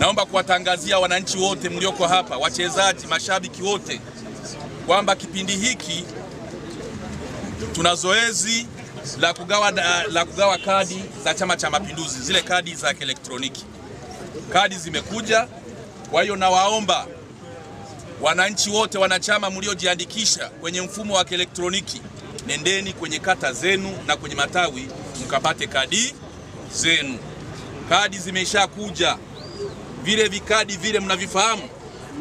Naomba kuwatangazia wananchi wote mlioko hapa, wachezaji, mashabiki wote kwamba kipindi hiki tuna zoezi la kugawa, la kugawa kadi za Chama cha Mapinduzi, zile kadi za kielektroniki. Kadi zimekuja, kwa hiyo nawaomba wananchi wote, wanachama mliojiandikisha kwenye mfumo wa kielektroniki, nendeni kwenye kata zenu na kwenye matawi mkapate kadi zenu. Kadi zimesha kuja vile vikadi vile mnavifahamu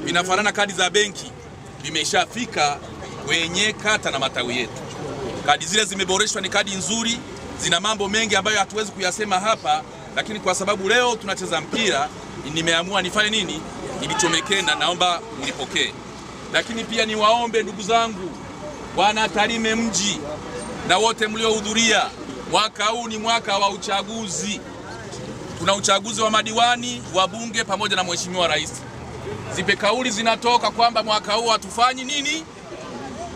vinafanana kadi za benki, vimeshafika wenye kata na matawi yetu. Kadi zile zimeboreshwa, ni kadi nzuri, zina mambo mengi ambayo hatuwezi kuyasema hapa, lakini kwa sababu leo tunacheza mpira, nimeamua nifanye nini, nilichomekee na naomba mlipokee. Lakini pia niwaombe ndugu zangu, wana Tarime mji na wote mliohudhuria, mwaka huu ni mwaka wa uchaguzi kuna uchaguzi wa madiwani wa bunge pamoja na mheshimiwa rais. Zipe kauli zinatoka kwamba mwaka huu hatufanyi nini,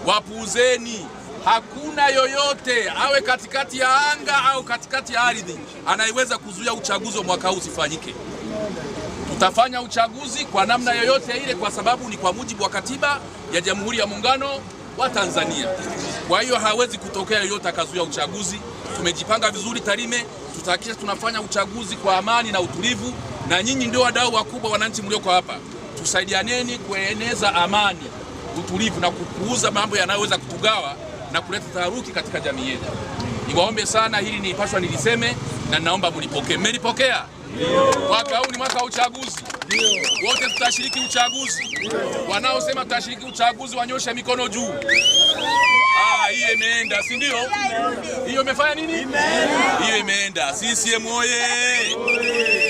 wapuuzeni. Hakuna yoyote awe katikati ya anga au katikati ya ardhi anayeweza kuzuia uchaguzi wa mwaka huu usifanyike. Tutafanya uchaguzi kwa namna yoyote ile, kwa sababu ni kwa mujibu wa katiba ya Jamhuri ya Muungano wa Tanzania. Kwa hiyo hawezi kutokea yoyote akazuia uchaguzi tumejipanga vizuri Tarime, tutahakikisha tunafanya uchaguzi kwa amani na utulivu, na nyinyi ndio wadau wakubwa, wananchi mlioko hapa, tusaidianeni kueneza amani, utulivu na kupuuza mambo yanayoweza kutugawa na kuleta taharuki katika jamii yetu. Niwaombe sana, hili nilipaswa niliseme na naomba mlipokee. Mmelipokea? Mwaka huu ni mwaka wa uchaguzi, wote tutashiriki uchaguzi. Wanaosema tutashiriki uchaguzi wanyoshe mikono juu imeenda, si ndio? Hiyo imefanya nini? Hiyo imeenda. CCM oye!